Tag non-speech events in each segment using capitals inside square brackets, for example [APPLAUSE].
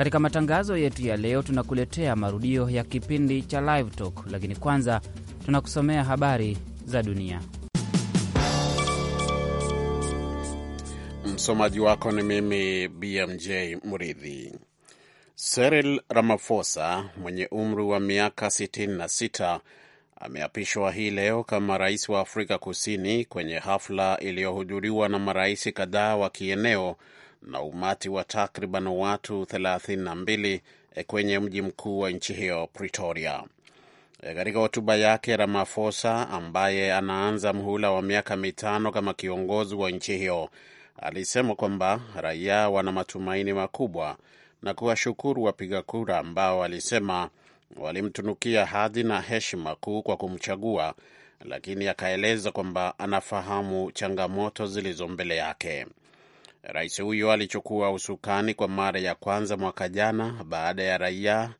Katika matangazo yetu ya leo, tunakuletea marudio ya kipindi cha Live Talk, lakini kwanza tunakusomea habari za dunia. Msomaji wako ni mimi BMJ Mridhi. Cyril Ramaphosa mwenye umri wa miaka 66 ameapishwa hii leo kama rais wa Afrika Kusini kwenye hafla iliyohudhuriwa na marais kadhaa wa kieneo na umati wa takriban watu 32 eh, kwenye mji mkuu wa nchi hiyo Pretoria. Eh, katika hotuba yake, Ramaphosa ambaye anaanza mhula wa miaka mitano kama kiongozi wa nchi hiyo alisema kwamba raia wana matumaini makubwa na kuwashukuru wapiga kura ambao alisema walimtunukia hadhi na heshima kuu kwa kumchagua, lakini akaeleza kwamba anafahamu changamoto zilizo mbele yake. Rais huyo alichukua usukani kwa mara ya kwanza mwaka jana baada ya raia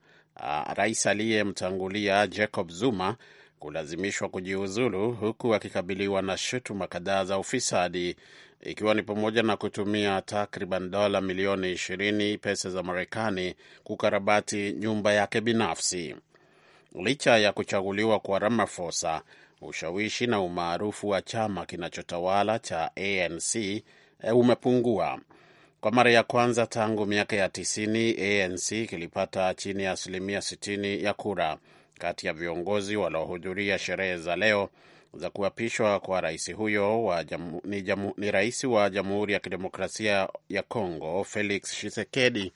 rais aliyemtangulia Jacob Zuma kulazimishwa kujiuzulu huku akikabiliwa na shutuma kadhaa za ufisadi ikiwa ni pamoja na kutumia takriban dola milioni 20 pesa za Marekani kukarabati nyumba yake binafsi. Licha ya kuchaguliwa kwa Ramaphosa, ushawishi na umaarufu wa chama kinachotawala cha ANC Eh, umepungua. Kwa mara ya kwanza tangu miaka ya tisini, ANC kilipata chini ya asilimia sitini ya kura kati ya viongozi waliohudhuria sherehe za leo za kuapishwa kwa rais huyo wa jamu, ni, jamu, ni rais wa Jamhuri ya Kidemokrasia ya congo Felix Tshisekedi,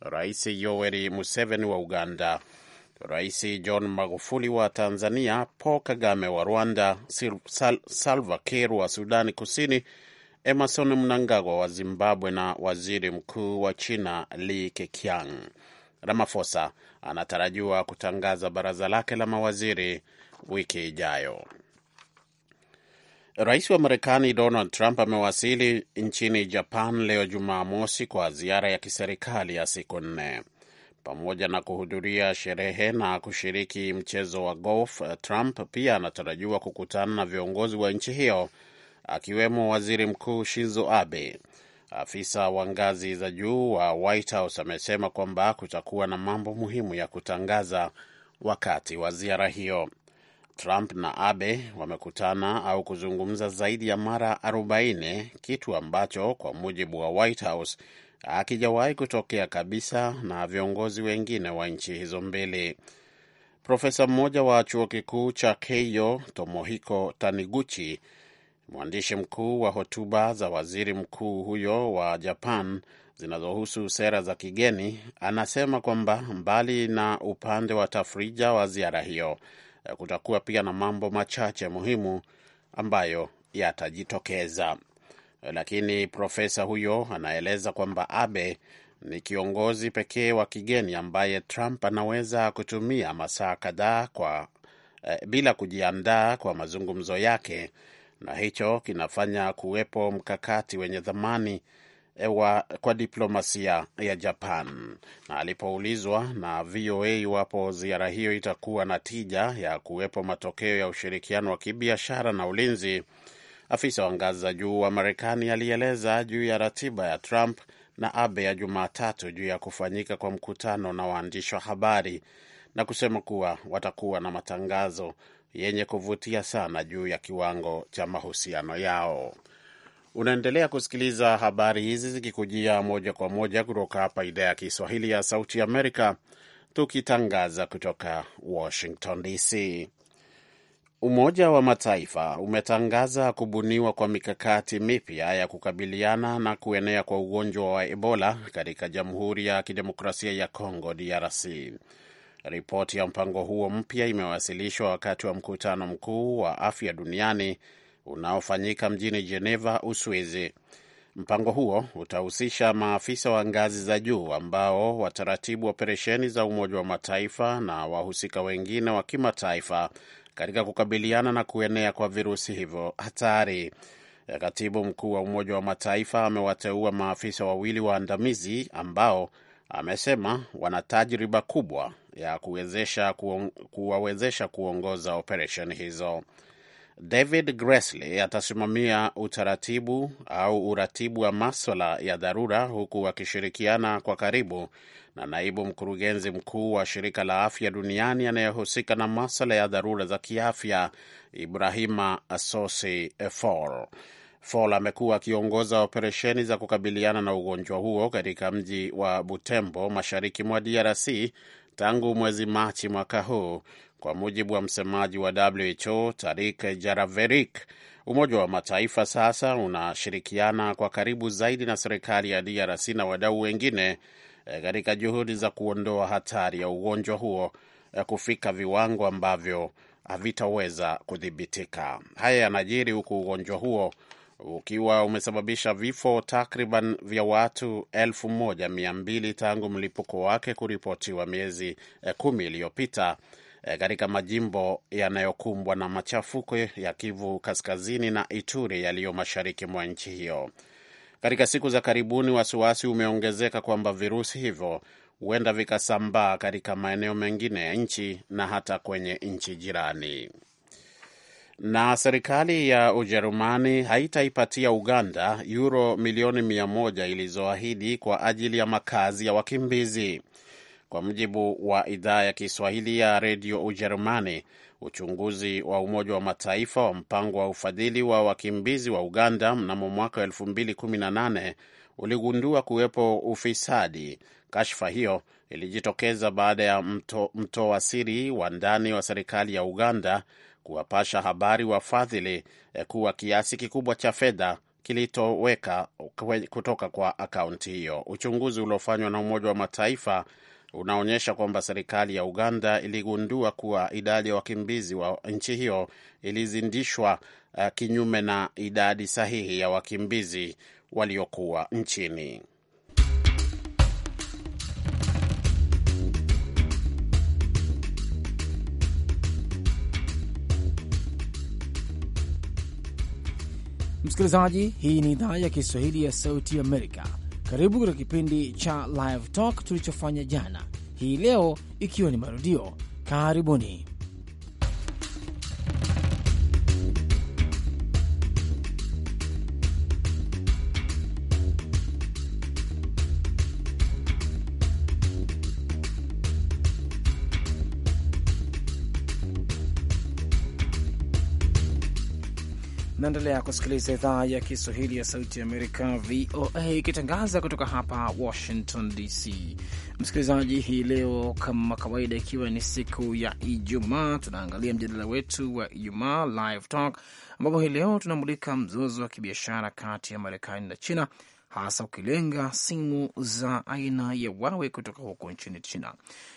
Rais Yoweri Museveni wa Uganda, Rais John Magufuli wa Tanzania, Paul Kagame wa Rwanda, Salva Kiir wa Sudani Kusini Emerson Mnangagwa wa Zimbabwe na waziri mkuu wa China Li Keqiang. Ramaphosa anatarajiwa kutangaza baraza lake la mawaziri wiki ijayo. Rais wa Marekani Donald Trump amewasili nchini Japan leo Jumamosi kwa ziara ya kiserikali ya siku nne. Pamoja na kuhudhuria sherehe na kushiriki mchezo wa golf, Trump pia anatarajiwa kukutana na viongozi wa nchi hiyo akiwemo waziri mkuu Shinzo Abe. Afisa wa ngazi za juu wa White House amesema kwamba kutakuwa na mambo muhimu ya kutangaza wakati wa ziara hiyo. Trump na Abe wamekutana au kuzungumza zaidi ya mara 40, kitu ambacho kwa mujibu wa White House hakijawahi kutokea kabisa na viongozi wengine wa nchi hizo mbili. Profesa mmoja wa chuo kikuu cha Keio, Tomohiko Taniguchi, mwandishi mkuu wa hotuba za waziri mkuu huyo wa Japan zinazohusu sera za kigeni, anasema kwamba mbali na upande wa tafrija wa ziara hiyo, kutakuwa pia na mambo machache muhimu ambayo yatajitokeza. Lakini profesa huyo anaeleza kwamba Abe ni kiongozi pekee wa kigeni ambaye Trump anaweza kutumia masaa kadhaa kwa eh, bila kujiandaa kwa mazungumzo yake na hicho kinafanya kuwepo mkakati wenye dhamani Ewa eh, kwa diplomasia ya Japan. Na alipoulizwa na VOA iwapo ziara hiyo itakuwa na tija ya kuwepo matokeo ya ushirikiano wa kibiashara na ulinzi, afisa wa ngazi za juu wa Marekani alieleza juu ya ratiba ya Trump na Abe ya Jumatatu juu ya kufanyika kwa mkutano na waandishi wa habari na kusema kuwa watakuwa na matangazo yenye kuvutia sana juu ya kiwango cha mahusiano yao. Unaendelea kusikiliza habari hizi zikikujia moja kwa moja kutoka hapa idhaa ya Kiswahili ya Sauti Amerika, tukitangaza kutoka Washington DC. Umoja wa Mataifa umetangaza kubuniwa kwa mikakati mipya ya kukabiliana na kuenea kwa ugonjwa wa Ebola katika Jamhuri ya Kidemokrasia ya congo DRC. Ripoti ya mpango huo mpya imewasilishwa wakati wa mkutano mkuu wa afya duniani unaofanyika mjini Geneva, Uswizi. Mpango huo utahusisha maafisa wa ngazi za juu ambao wataratibu operesheni za Umoja wa Mataifa na wahusika wengine wa kimataifa katika kukabiliana na kuenea kwa virusi hivyo hatari. Katibu mkuu wa Umoja wa Mataifa amewateua maafisa wawili waandamizi ambao amesema wana tajriba kubwa ya kuwezesha kuong, kuwawezesha kuongoza operesheni hizo. David gresly atasimamia utaratibu au uratibu wa maswala ya dharura huku akishirikiana kwa karibu na naibu mkurugenzi mkuu wa shirika la afya duniani anayehusika na maswala ya dharura za kiafya Ibrahima Assosi Fall. Fall amekuwa akiongoza operesheni za kukabiliana na ugonjwa huo katika mji wa Butembo mashariki mwa DRC tangu mwezi Machi mwaka huu, kwa mujibu wa msemaji wa WHO Tarik Jaraverik. Umoja wa Mataifa sasa unashirikiana kwa karibu zaidi na serikali ya DRC na wadau wengine eh, katika juhudi za kuondoa hatari ya ugonjwa huo eh, kufika viwango ambavyo havitaweza kudhibitika. Haya yanajiri huku ugonjwa huo ukiwa umesababisha vifo takriban vya watu elfu moja mia mbili tangu mlipuko wake kuripotiwa miezi eh, kumi iliyopita eh, katika majimbo yanayokumbwa na machafuko ya Kivu Kaskazini na Ituri yaliyo mashariki mwa nchi hiyo. Katika siku za karibuni, wasiwasi umeongezeka kwamba virusi hivyo huenda vikasambaa katika maeneo mengine ya nchi na hata kwenye nchi jirani na serikali ya Ujerumani haitaipatia Uganda yuro milioni mia moja ilizoahidi kwa ajili ya makazi ya wakimbizi. Kwa mujibu wa idhaa ya Kiswahili ya redio Ujerumani, uchunguzi wa Umoja wa Mataifa wa mpango wa ufadhili wa wakimbizi wa Uganda mnamo mwaka 2018 uligundua kuwepo ufisadi. Kashfa hiyo ilijitokeza baada ya mtoa mto siri wa ndani wa serikali ya Uganda kuwapasha habari wafadhili eh, kuwa kiasi kikubwa cha fedha kilitoweka kutoka kwa akaunti hiyo. Uchunguzi uliofanywa na Umoja wa Mataifa unaonyesha kwamba serikali ya Uganda iligundua kuwa idadi ya wakimbizi wa nchi hiyo ilizindishwa eh, kinyume na idadi sahihi ya wakimbizi waliokuwa nchini. Msikilizaji, hii ni idhaa ya Kiswahili ya Sauti Amerika. Karibu katika kipindi cha Live Talk tulichofanya jana, hii leo ikiwa ni marudio. Karibuni. Naendelea kusikiliza idhaa ya Kiswahili ya Sauti ya Amerika, VOA, ikitangaza kutoka hapa Washington DC. Msikilizaji, hii leo kama kawaida, ikiwa ni siku ya Ijumaa, tunaangalia mjadala wetu wa Ijumaa Live Talk, ambapo hii leo tunamulika mzozo wa kibiashara kati ya Marekani na China, hasa ukilenga simu za aina ya wawe kutoka huko nchini China.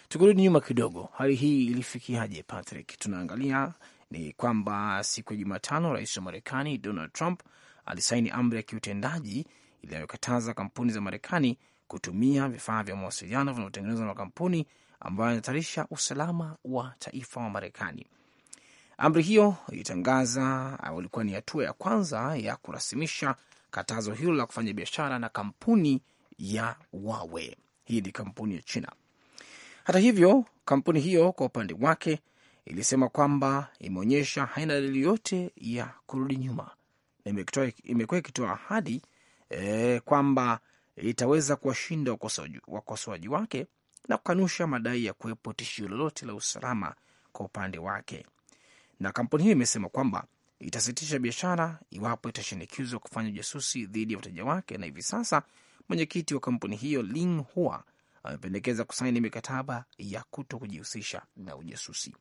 Tukirudi nyuma kidogo, hali hii ilifikiaje, Patrick? Tunaangalia ni kwamba siku ya Jumatano rais wa Marekani Donald Trump alisaini amri ya kiutendaji inayokataza kampuni za Marekani kutumia vifaa vya mawasiliano vinavyotengenezwa na makampuni ambayo yanahatarisha usalama wa taifa wa Marekani. Amri hiyo ilitangaza au ilikuwa ni hatua ya kwanza ya kurasimisha katazo hilo la kufanya biashara na kampuni ya Huawei. Hii ni kampuni ya China. Hata hivyo, kampuni hiyo kwa upande wake ilisema kwamba imeonyesha haina dalili yote ya kurudi nyuma na imekuwa ikitoa ahadi e, kwamba itaweza kuwashinda wakosoaji wake na kukanusha madai ya kuwepo tishio lolote la usalama kwa upande wake. Na kampuni hiyo imesema kwamba itasitisha biashara iwapo itashinikizwa kufanya ujasusi dhidi ya wateja wake, na hivi sasa mwenyekiti wa kampuni hiyo Ling Hua amependekeza kusaini mikataba ya kuto kujihusisha na ujasusi.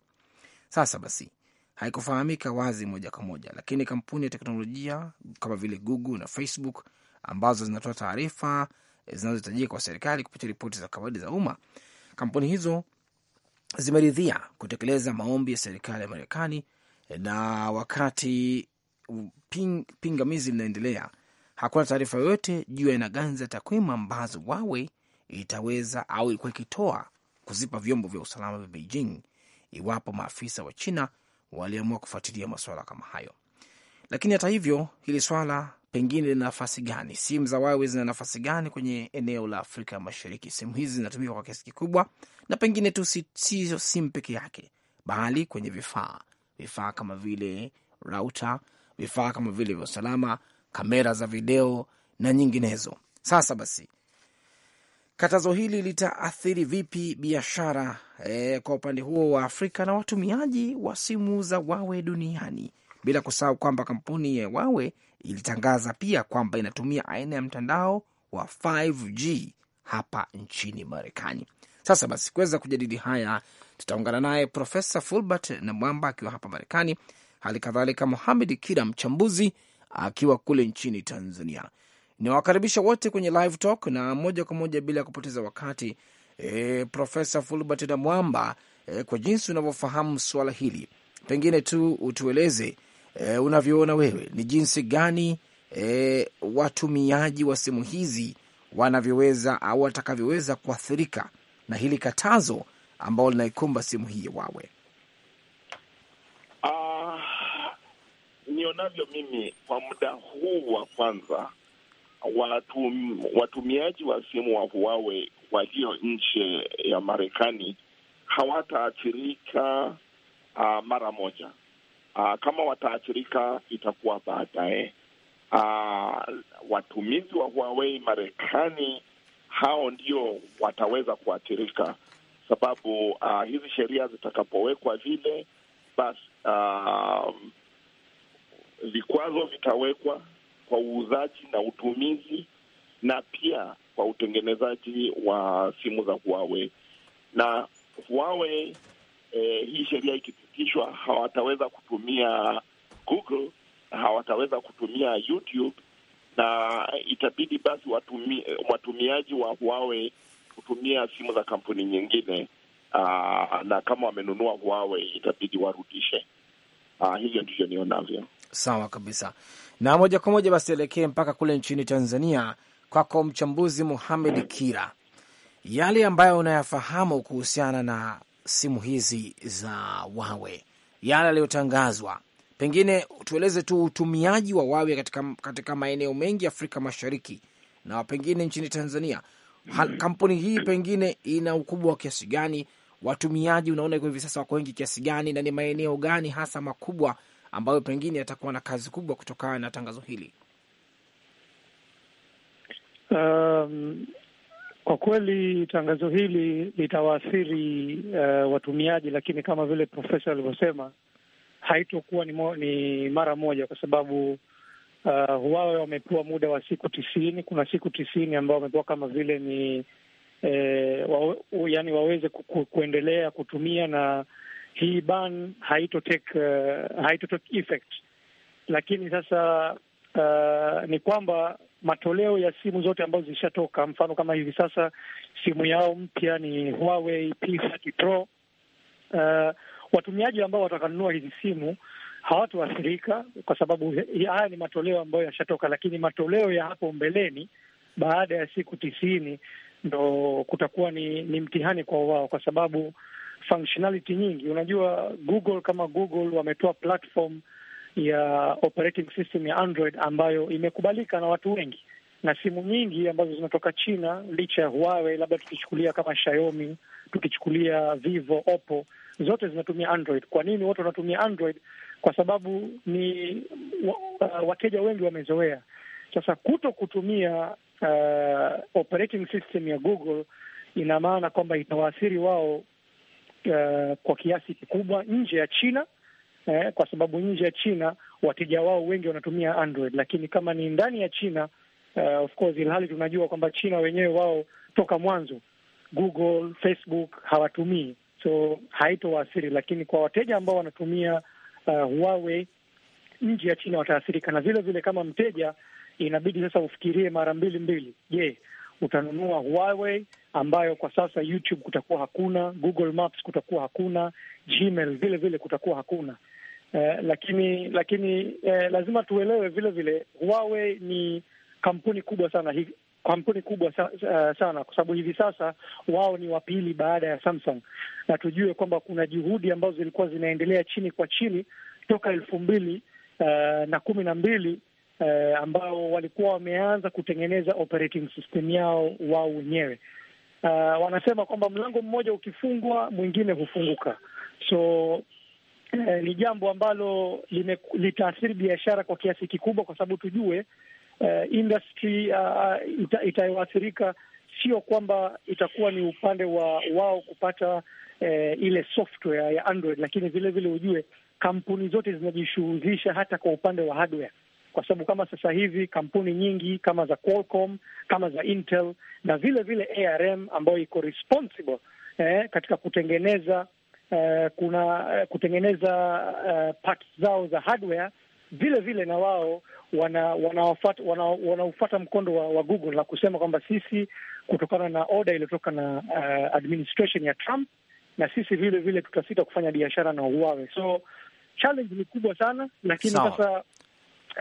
Sasa basi, haikufahamika wazi moja kwa moja, lakini kampuni ya teknolojia kama vile Google na Facebook ambazo zinatoa taarifa zinazohitajika kwa serikali kupitia ripoti za kawaida za umma, kampuni hizo zimeridhia kutekeleza maombi ya serikali ya Marekani na wakati ping, pingamizi linaendelea, hakuna taarifa yoyote juu ya aina gani za takwimu ambazo Huawei itaweza au ilikuwa ikitoa kuzipa vyombo vya usalama vya Beijing iwapo maafisa wa China waliamua kufuatilia masuala kama hayo. Lakini hata hivyo, hili swala pengine lina nafasi gani? Simu za Huawei zina nafasi gani kwenye eneo la Afrika Mashariki? Simu hizi zinatumika kwa kiasi kikubwa, na pengine tu sio simu peke yake, bali kwenye vifaa vifaa kama vile rauta, vifaa kama vile vya usalama, kamera za video na nyinginezo. Sasa basi, katazo hili litaathiri vipi biashara e, kwa upande huo wa Afrika na watumiaji wa simu za Wawe duniani, bila kusahau kwamba kampuni ya Wawe ilitangaza pia kwamba inatumia aina ya mtandao wa 5G hapa nchini Marekani. Sasa basi, kuweza kujadili haya tutaungana naye Profesa Fulbert na Mwamba akiwa hapa Marekani, hali kadhalika muhamed Kira mchambuzi akiwa kule nchini Tanzania. Niwakaribisha wote kwenye live talk na moja kwa moja bila ya kupoteza wakati. E, Profesa Fulbert na Mwamba, e, kwa jinsi unavyofahamu swala hili, pengine tu utueleze e, unavyoona wewe ni jinsi gani e, watumiaji wa simu hizi wanavyoweza au watakavyoweza kuathirika na hili katazo ambalo linaikumba simu hii wawe Uh, ah, nionavyo mimi kwa muda huu wa kwanza watum, watumiaji wa simu wa Huawei walio nje ya Marekani hawataathirika uh, ah, mara moja. Uh, kama wataathirika itakuwa baadaye. Uh, watumizi wa Huawei Marekani hao ndio wataweza kuathirika, sababu uh, hizi sheria zitakapowekwa vile basi uh, vikwazo vitawekwa kwa uuzaji na utumizi na pia kwa utengenezaji wa simu za Huawei na Huawei. Eh, hii sheria ikipitishwa, hawataweza kutumia Google, hawataweza kutumia YouTube na itabidi basi watumi, watumiaji wa Huawei kutumia simu za kampuni nyingine. Aa, ah, na kama wamenunua Huawei itabidi warudishe. Ah, hivyo ndivyo nionavyo. Sawa kabisa. Na moja kwa moja basi elekee mpaka kule nchini Tanzania, kwako mchambuzi Muhamed Kira, yale ambayo unayafahamu kuhusiana na simu hizi za Wawe, yale yaliyotangazwa, pengine tueleze tu utumiaji wa Wawe katika, katika maeneo mengi Afrika Mashariki na pengine nchini Tanzania. Kampuni hii pengine ina ukubwa wa kiasi gani? Watumiaji unaona hivi sasa wako wengi kiasi gani, na ni maeneo gani hasa makubwa ambayo pengine yatakuwa na kazi kubwa kutokana na tangazo hili? Um, kwa kweli tangazo hili litawaathiri uh, watumiaji, lakini kama vile profesa alivyosema, haitokuwa ni, ni mara moja, kwa sababu uh, uh, wamepewa muda wa siku tisini. Kuna siku tisini ambao wamepewa kama vile ni eh, wa, yani waweze ku, ku, kuendelea kutumia na hii ban haito take, uh, haito take effect, lakini sasa uh, ni kwamba matoleo ya simu zote ambazo zilishatoka, mfano kama hivi sasa simu yao mpya ni Huawei P30 Pro. Uh, watumiaji ambao watakanunua hizi simu hawatoathirika kwa sababu haya ni matoleo ambayo yashatoka, lakini matoleo ya hapo mbeleni baada ya siku tisini ndo kutakuwa ni, ni mtihani kwa wao, kwa sababu functionality nyingi. Unajua Google kama Google wametoa platform ya operating system ya Android ambayo imekubalika na watu wengi, na simu nyingi ambazo zinatoka China, licha ya Huawei, labda tukichukulia kama Xiaomi, tukichukulia Vivo, Oppo, zote zinatumia Android. Kwa nini watu wanatumia Android? Kwa sababu ni wateja wengi wamezoea. Sasa kuto kutumia uh, operating system ya Google ina maana kwamba itawaathiri wao Eh, kwa kiasi kikubwa nje ya China eh, kwa sababu nje ya China wateja wao wengi wanatumia Android, lakini kama ni ndani ya China uh, of course, ilhali tunajua kwamba China wenyewe wao toka mwanzo Google, Facebook hawatumii, so haitowaathiri, lakini kwa wateja ambao wanatumia uh, Huawei nje ya China wataathirika. Na vile vile kama mteja inabidi sasa ufikirie mara mbili mbili. Je, utanunua Huawei ambayo kwa sasa YouTube kutakuwa hakuna, Google Maps kutakuwa hakuna, Gmail vile vile kutakuwa hakuna. Eh, lakini lakini eh, lazima tuelewe vile vile Huawei ni kampuni kubwa sana hivi kampuni kubwa sana kwa sababu hivi sasa wao ni wa pili baada ya Samsung, na tujue kwamba kuna juhudi ambazo zilikuwa zinaendelea chini kwa chini toka elfu mbili uh, na kumi na mbili eh, ambao walikuwa wameanza kutengeneza operating system yao wao wenyewe. Uh, wanasema kwamba mlango mmoja ukifungwa mwingine hufunguka, so eh, ni jambo ambalo litaathiri biashara kwa kiasi kikubwa, kwa sababu tujue eh, industry uh, ita, itayoathirika sio kwamba itakuwa ni upande wa wao kupata eh, ile software ya Android, lakini vilevile ujue kampuni zote zinajishughulisha hata kwa upande wa hardware kwa sababu kama sasa hivi kampuni nyingi kama za Qualcomm, kama za Intel na vile vile ARM ambayo iko responsible eh, katika kutengeneza eh, kuna eh, kutengeneza eh, parts zao za hardware vile vile na wao wanaufata wana wana, wana mkondo wa, wa Google na kusema kwamba sisi, kutokana na oda iliyotoka na uh, administration ya Trump, na sisi vile vile tutasita kufanya biashara na Huawei. So challenge ni kubwa sana, lakini sasa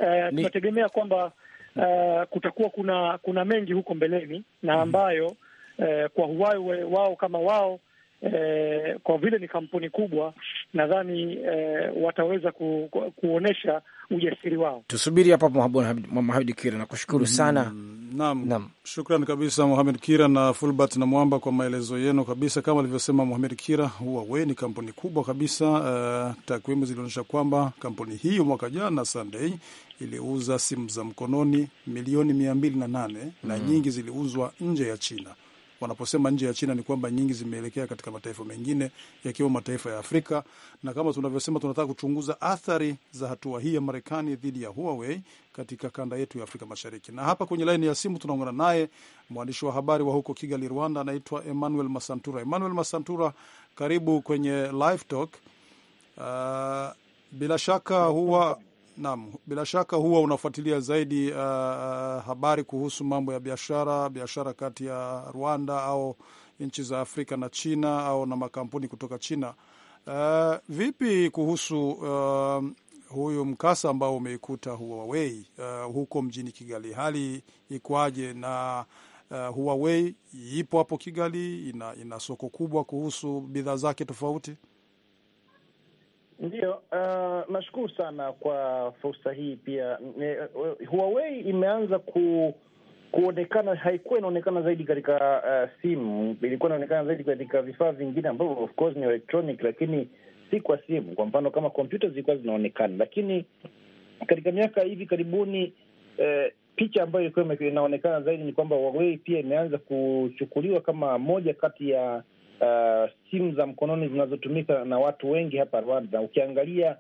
uh, tunategemea kwamba uh, kutakuwa kuna kuna mengi huko mbeleni na mhm. ambayo uh, kwa Huawei wao kama wao uh, kwa vile ni kampuni kubwa nadhani uh, wataweza ku, ku, kuonyesha ujasiri wao. Tusubiri hapo Mohamed Kira, nakushukuru mhm. sana mm. Naam, naam. Shukran kabisa muhamed Kira na Fulbert na Mwamba kwa maelezo yenu kabisa. Kama alivyosema muhamed Kira, Huawei ni kampuni kubwa kabisa. Uh, takwimu zilionyesha kwamba kampuni hiyo mwaka jana Sunday iliuza simu za mkononi milioni mia mbili na nane mm, na nyingi ziliuzwa nje ya China wanaposema nje ya China ni kwamba nyingi zimeelekea katika mataifa mengine yakiwemo mataifa ya Afrika, na kama tunavyosema, tunataka kuchunguza athari za hatua hii ya Marekani dhidi ya Huawei katika kanda yetu ya Afrika Mashariki. Na hapa kwenye laini ya simu tunaungana naye mwandishi wa habari wa huko Kigali, Rwanda, anaitwa Emmanuel Masantura. Emmanuel Masantura, karibu kwenye Live Talk. Uh, bila shaka huwa Naam, bila shaka huwa unafuatilia zaidi uh, uh, habari kuhusu mambo ya biashara, biashara kati ya Rwanda au nchi za Afrika na China au na makampuni kutoka China. Uh, vipi kuhusu uh, huyu mkasa ambao umeikuta Huawei uh, huko mjini Kigali, hali ikwaje Na uh, Huawei ipo hapo Kigali, ina, ina soko kubwa kuhusu bidhaa zake tofauti ndio uh, nashukuru sana kwa fursa hii pia. Eh, eh, Huawei imeanza ku kuonekana haikuwa inaonekana zaidi katika uh, simu, ilikuwa inaonekana zaidi katika vifaa vingine ambavyo of course ni electronic, lakini si kwa simu. Kwa mfano kama kompyuta zilikuwa zinaonekana, lakini katika miaka hivi karibuni eh, picha ambayo ilikuwa inaonekana zaidi ni kwamba Huawei pia imeanza kuchukuliwa kama moja kati ya uh, simu za mkononi zinazotumika na watu wengi hapa Rwanda. Ukiangalia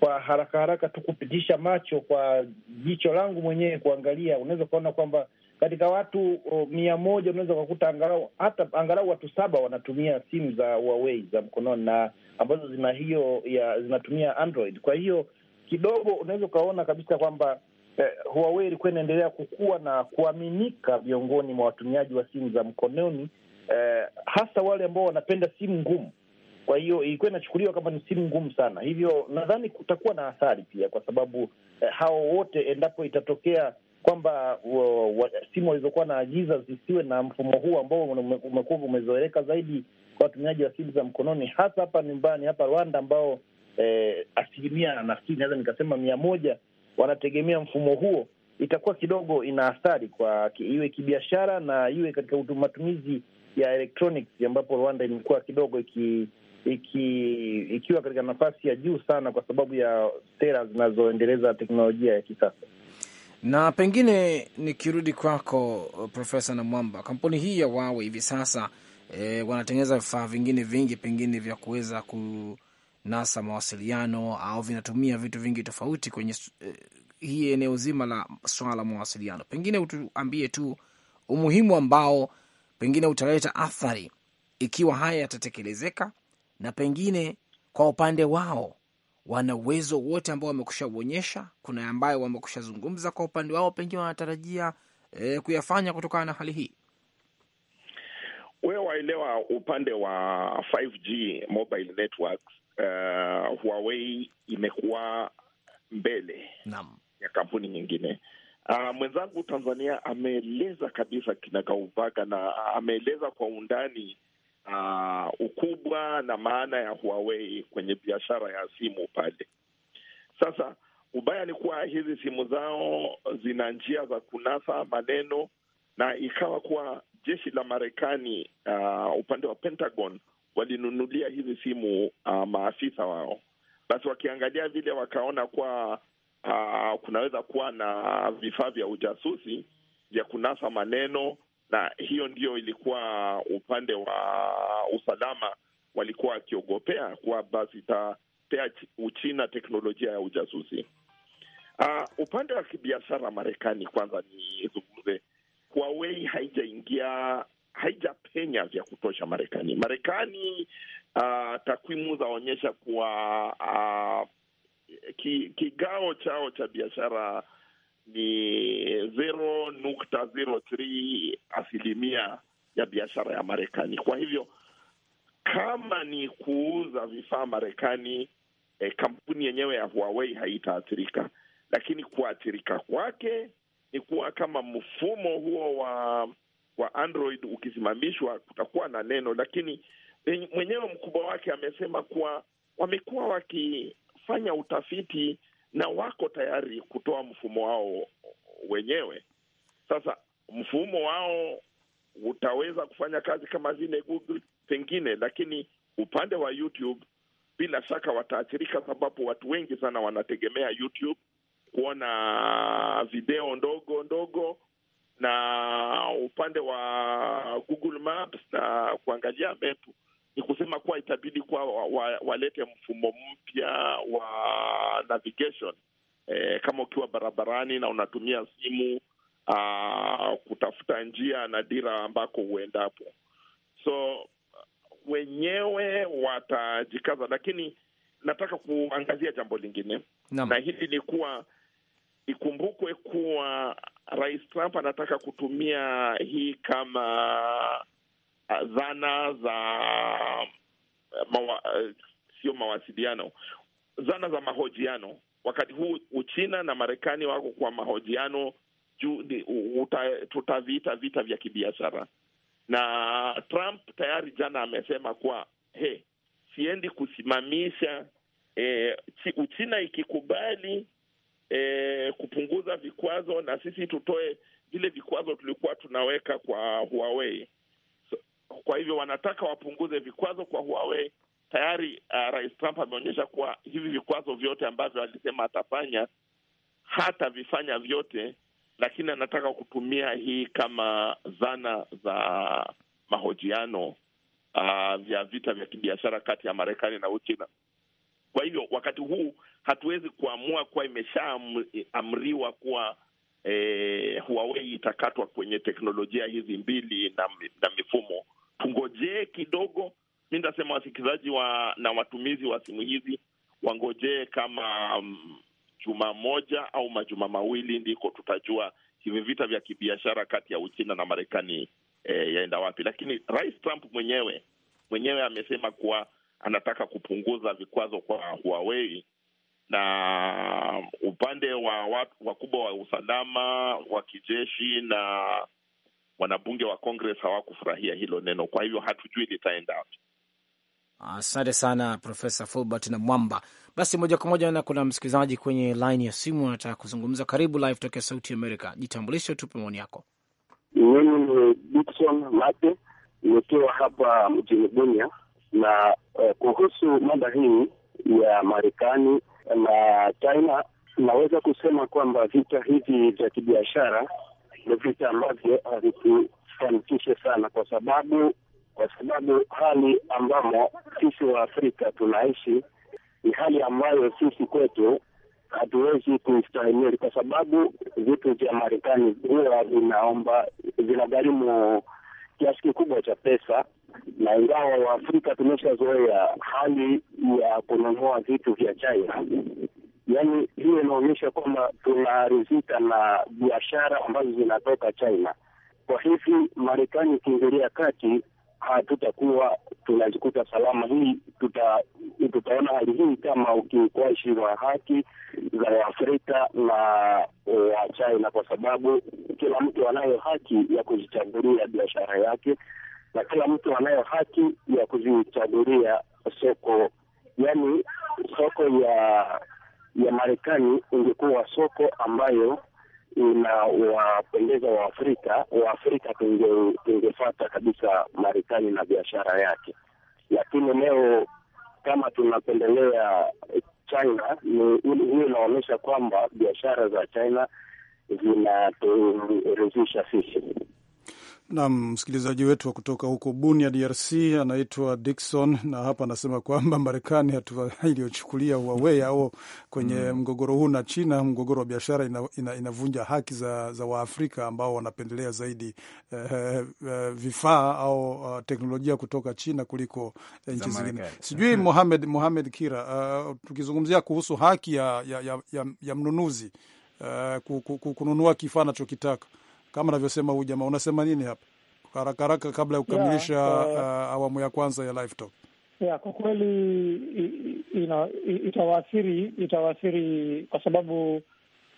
kwa haraka haraka tu kupitisha macho kwa jicho langu mwenyewe kuangalia, unaweza ukaona kwamba katika watu oh, mia moja unaweza ukakuta angalau hata angalau watu saba wanatumia simu za Huawei za mkononi na ambazo zina hiyo ya zinatumia Android. Kwa hiyo kidogo unaweza ukaona kabisa kwamba eh, Huawei ilikuwa inaendelea kukua na kuaminika miongoni mwa watumiaji wa simu za mkononi eh, hasa wale ambao wanapenda simu ngumu. Kwa hiyo ilikuwa inachukuliwa kama ni simu ngumu sana, hivyo nadhani kutakuwa na athari pia, kwa sababu eh, hao wote endapo itatokea kwamba simu walizokuwa na agiza zisiwe na mfumo huu ambao umekuwa umezoeleka zaidi kwa watumiaji wa simu za mkononi, hasa hapa nyumbani hapa Rwanda, ambao eh, asilimia nafikiri naweza nikasema mia moja wanategemea mfumo huo, itakuwa kidogo ina athari kwa iwe kibiashara na iwe katika matumizi ya electronics, ambapo Rwanda imekuwa kidogo iki, iki ikiwa katika nafasi ya juu sana kwa sababu ya sera zinazoendeleza teknolojia ya kisasa. Na pengine nikirudi kwako Profesa Namwamba, kampuni hii ya Huawei hivi sasa e, eh, wanatengeneza vifaa vingine vingi pengine vya kuweza kunasa mawasiliano au vinatumia vitu vingi tofauti kwenye e, hii eneo zima la swala la mawasiliano. Pengine utuambie tu umuhimu ambao pengine utaleta athari ikiwa haya yatatekelezeka, na pengine kwa upande wao wana uwezo wote ambao wamekusha uonyesha. Kuna ambayo wamekusha zungumza kwa upande wao, pengine wanatarajia eh, kuyafanya kutokana na hali hii. Wewe waelewa, upande wa 5G mobile networks, uh, Huawei imekuwa mbele Naam. ya kampuni nyingine Uh, mwenzangu Tanzania ameeleza kabisa kinagaubaga na ameeleza kwa undani uh, ukubwa na maana ya Huawei kwenye biashara ya simu pale. Sasa ubaya ni kuwa hizi simu zao zina njia za kunasa maneno na ikawa kuwa jeshi la Marekani uh, upande wa Pentagon walinunulia hizi simu uh, maafisa wao, basi wakiangalia vile wakaona kuwa uh, kunaweza kuwa na vifaa vya ujasusi vya kunasa maneno, na hiyo ndiyo ilikuwa upande wa usalama walikuwa wakiogopea kuwa basi itapea Uchina teknolojia ya ujasusi. Uh, upande wa kibiashara Marekani, kwanza nizungumze, Huawei haijaingia haijapenya vya kutosha Marekani. Marekani uh, takwimu zaonyesha kuwa uh, ki, kigao chao cha biashara ni zero nukta zero three asilimia ya biashara ya Marekani. Kwa hivyo kama ni kuuza vifaa Marekani, eh, kampuni yenyewe ya Huawei haitaathirika, lakini kuathirika kwake ni kuwa kama mfumo huo wa wa Android ukisimamishwa, kutakuwa na neno, lakini eh, mwenyewe mkubwa wake amesema kuwa wamekuwa waki wanafanya utafiti na wako tayari kutoa mfumo wao wenyewe. Sasa mfumo wao utaweza kufanya kazi kama zile Google pengine, lakini upande wa YouTube bila shaka wataathirika, sababu watu wengi sana wanategemea YouTube kuona video ndogo ndogo, na upande wa Google Maps na kuangalia mepu ni kusema kuwa itabidi kuwa walete wa, wa mfumo mpya wa navigation e, kama ukiwa barabarani na unatumia simu a, ah, kutafuta njia na dira ambako huendapo, so wenyewe watajikaza, lakini nataka kuangazia jambo lingine Nam. na hili ni kuwa ikumbukwe kuwa Rais Trump anataka kutumia hii kama zana za eh, mawa, eh, sio mawasiliano, zana za mahojiano. Wakati huu Uchina na Marekani wako kwa mahojiano juu, tutaviita vita vya kibiashara, na Trump tayari jana amesema kuwa he, siendi kusimamisha e, Uchina ikikubali e, kupunguza vikwazo na sisi tutoe vile vikwazo tulikuwa tunaweka kwa Huawei kwa hivyo wanataka wapunguze vikwazo kwa Huawei. Tayari uh, Rais Trump ameonyesha kuwa hivi vikwazo vyote ambavyo alisema atafanya hata vifanya vyote, lakini anataka kutumia hii kama zana za mahojiano uh, vya vita vya kibiashara kati ya Marekani na Uchina. Kwa hivyo wakati huu hatuwezi kuamua kuwa imeshaamriwa kuwa eh, Huawei itakatwa kwenye teknolojia hizi mbili na, na mifumo tungojee kidogo. Mi nitasema wasikilizaji wa na watumizi wa simu hizi wangojee kama um, juma moja au majuma mawili, ndiko tutajua hivi vita vya kibiashara kati ya Uchina na Marekani eh, yaenda wapi. Lakini Rais Trump mwenyewe mwenyewe amesema kuwa anataka kupunguza vikwazo kwa Huawei na upande wa wakubwa wa usalama wa kijeshi na wanabunge wa Congress hawakufurahia hilo neno. Kwa hivyo hatujui litaenda wapi. Asante sana Profesa Fulbert na Mwamba. Basi moja kwa moja na kuna msikilizaji kwenye laini ya simu anataka kuzungumza. Karibu live tokea Sauti Amerika, jitambulishe, tupe maoni yako. Mimi ni Dikson Mate, nikiwa hapa mjini Bunia na eh, kuhusu mada hii ya Marekani na China naweza kusema kwamba vita hivi vya kibiashara ni vita ambavyo havitufanikishe sana, kwa sababu kwa sababu hali ambamo sisi wa Afrika tunaishi ni hali ambayo sisi kwetu hatuwezi kustahimili, kwa sababu vitu vya Marekani huwa vinaomba vinagharimu kiasi kikubwa cha pesa, na ingawa Waafrika tumeshazoea hali ya kununua vitu vya China yani hiyo inaonyesha kwamba tunarizika na biashara ambazo zinatoka China. Kwa hivi Marekani ikiingilia kati, hatutakuwa tunazikuta salama. Hii tuta, tutaona hali hii kama ukiukwaji wa haki za Waafrika na wa China, kwa sababu kila mtu anayo haki ya kujichagulia biashara yake na kila mtu anayo haki ya kujichagulia soko, yani soko ya ya Marekani ingekuwa soko ambayo inawapendeza Waafrika, Waafrika tungefata kabisa Marekani na biashara yake. Lakini leo kama tunapendelea China, hiyo inaonyesha kwamba biashara za China zinaturidhisha sisi. Nam msikilizaji wetu wa kutoka huko Bunia, DRC, anaitwa Dikson na hapa anasema kwamba Marekani hatua [LAUGHS] iliyochukulia Huawei au kwenye mm, mgogoro huu na China, mgogoro wa biashara inavunja ina, ina haki za, za Waafrika ambao wanapendelea zaidi eh, eh, eh vifaa au uh, teknolojia kutoka China kuliko eh, nchi zingine. Sijui hmm. Mohamed, Mohamed Kira, uh, tukizungumzia kuhusu haki ya, ya, ya, ya, ya mnunuzi uh, kununua kifaa anachokitaka kama anavyosema huyu jamaa. Unasema nini hapa haraka haraka, kabla ya kukamilisha uh, awamu ya kwanza ya live talk? Yeah, kwa kweli itawaathiri, itawaathiri kwa sababu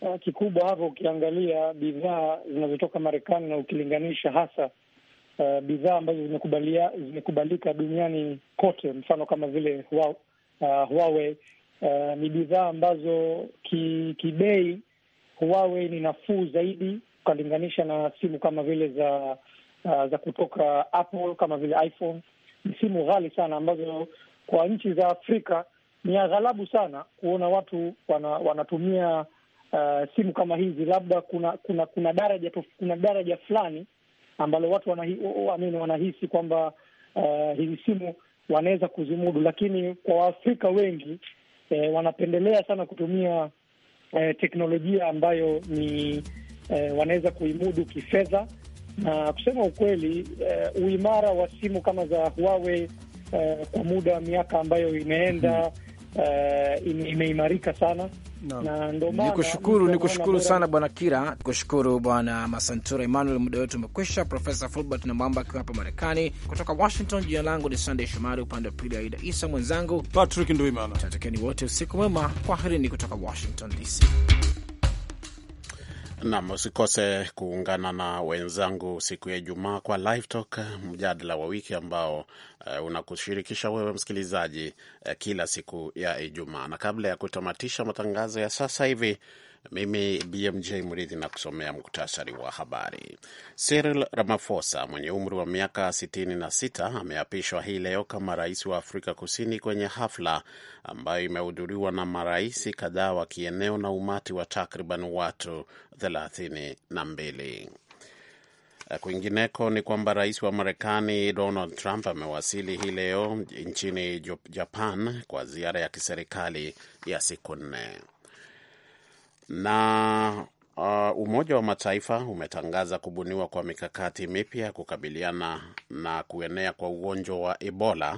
uh, kikubwa hapo ukiangalia bidhaa zinazotoka Marekani na ukilinganisha hasa uh, bidhaa ambazo zimekubalika duniani kote, mfano kama vile Huawei uh, Huawei uh, ni bidhaa ambazo kibei ki Huawei ni nafuu zaidi ukalinganisha na simu kama vile za uh, za kutoka Apple kama vile iPhone, ni simu ghali sana ambazo kwa nchi za Afrika ni aghalabu sana kuona watu wana, wanatumia uh, simu kama hizi. Labda kuna kuna kuna daraja kuna daraja fulani ambalo watu wanahi, amin, wanahisi kwamba uh, hizi simu wanaweza kuzimudu, lakini kwa Waafrika wengi eh, wanapendelea sana kutumia eh, teknolojia ambayo ni e, wanaweza kuimudu kifedha. Na kusema ukweli, e, uimara wa simu kama za Huawei e, kwa muda wa miaka ambayo imeenda hmm, e, imeimarika sana. No. nikushukuru, nikushukuru sana Bwana Kira, nikushukuru Bwana Masantura Emmanuel. Muda wetu umekwisha. Profesa Fulbert na Mwamba akiwa hapa Marekani, kutoka Washington. Jina langu ni Sandey Shomari, upande wa pili Aida Isa, mwenzangu Patrick Nduimana. Tunatakieni wote usiku mwema, kwaherini kutoka Washington DC. Nam, usikose kuungana na wenzangu siku ya Ijumaa kwa Live Talk, mjadala wa wiki ambao uh, unakushirikisha wewe msikilizaji uh, kila siku ya Ijumaa. Na kabla ya kutamatisha matangazo ya sasa hivi mimi BMJ Mridhi na kusomea muktasari wa habari. Cyril Ramaphosa mwenye umri wa miaka 66 ameapishwa hii leo kama rais wa Afrika Kusini kwenye hafla ambayo imehudhuriwa na marais kadhaa wa kieneo na umati wa takriban watu 32. Kwingineko ni kwamba rais wa Marekani Donald Trump amewasili hii leo nchini Japan kwa ziara ya kiserikali ya siku nne. Na uh, Umoja wa Mataifa umetangaza kubuniwa kwa mikakati mipya kukabiliana na kuenea kwa ugonjwa wa Ebola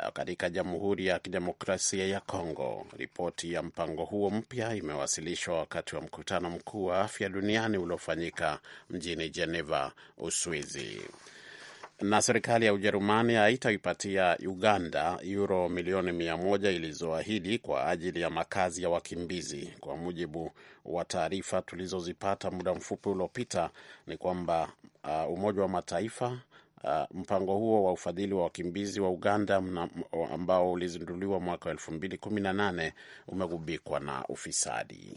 uh, katika Jamhuri ya Kidemokrasia ya Kongo. Ripoti ya mpango huo mpya imewasilishwa wakati wa mkutano mkuu wa afya duniani uliofanyika mjini Geneva, Uswizi na serikali ya Ujerumani haitaipatia Uganda yuro milioni mia moja ilizoahidi kwa ajili ya makazi ya wakimbizi. Kwa mujibu wa taarifa tulizozipata muda mfupi uliopita, ni kwamba uh, Umoja wa Mataifa Uh, mpango huo wa ufadhili wa wakimbizi wa Uganda mna, ambao ulizinduliwa mwaka wa elfu mbili kumi na nane umegubikwa na ufisadi.